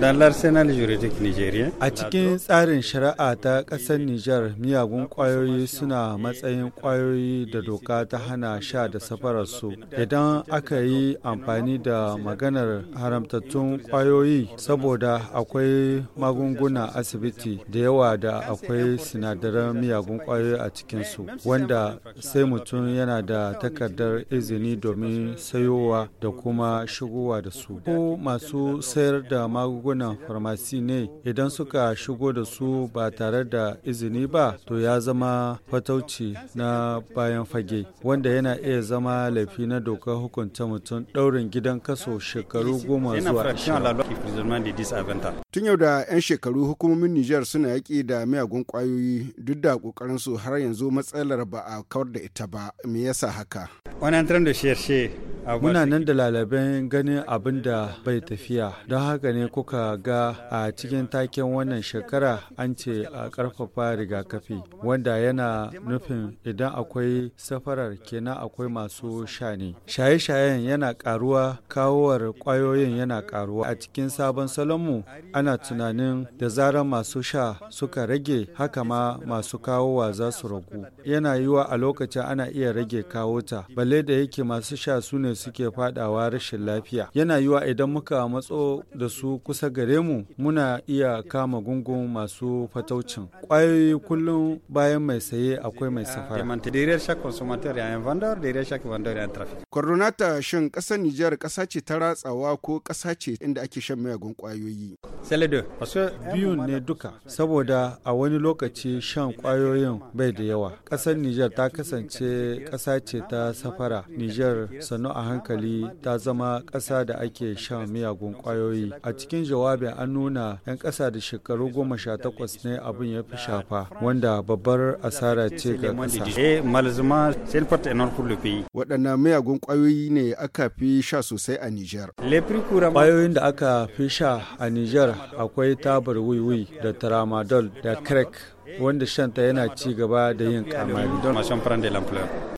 A cikin tsarin shari'a ta ƙasar Nijar, miyagun ƙwayoyi suna matsayin ƙwayoyi da doka ta hana sha da safarar su Idan aka yi amfani da maganar haramtattun ƙwayoyi saboda akwai magunguna asibiti da yawa da akwai sinadaran miyagun ƙwayoyi a cikin su wanda sai mutum yana da takardar izini domin sayowa da kuma shigowa da su. Ko masu sayar da magunguna magungunan farmasi ne idan suka shigo da su ba tare da izini ba to ya zama fatauci na bayan fage wanda yana iya zama laifi na dokar hukunta mutum daurin gidan kaso shekaru goma zuwa tun yau da 'yan shekaru hukumomin nijar suna yaƙi da miyagun kwayoyi duk da su har yanzu matsalar ba a kawar da ita ba me yasa haka wani da muna nan da lalaben ganin abin da bai tafiya don haka ne kuka ga a cikin taken wannan shekara an ce a ƙarfafa rigakafi wanda yana nufin idan akwai safarar kenan akwai masu sha shaye-shayen yana karuwa kawowar kwayoyin yana karuwa a cikin sabon salonmu ana tunanin da zarar masu sha suka rage haka ma masu kawowa za su ragu yana yiwa a lokacin ana iya rage kawo ta balle da yake masu sha su ne suke fadawa rashin lafiya yana yiwa idan muka matso da su kusa gare mu muna iya kama gungun masu fataucin kwayoyi kullum bayan mai saye akwai mai safara shin Nijar ƙasa ta ratsawa ko ƙasa inda ake shan mayagun ƙwayoyi. biyun ne duka saboda a wani lokaci shan kwayoyin bai da yawa ƙasar Nijar ta kasance ƙasa ce ta safara Nijar sannu a hankali ta zama ƙasa da ake shan miyagun ƙwayoyi. A cikin jawabin an nuna 'yan ƙasa da shekaru goma sha takwas ne abin ya fi shafa wanda babbar asara ce ga ƙasa. Eh, Waɗannan miyagun ƙwayoyi ne aka fi sha sosai a Nijar. Ƙwayoyin da aka fi sha a Nijar akwai tabar wiwi da tramadol da crack wanda shanta yana ci gaba da yin kamari.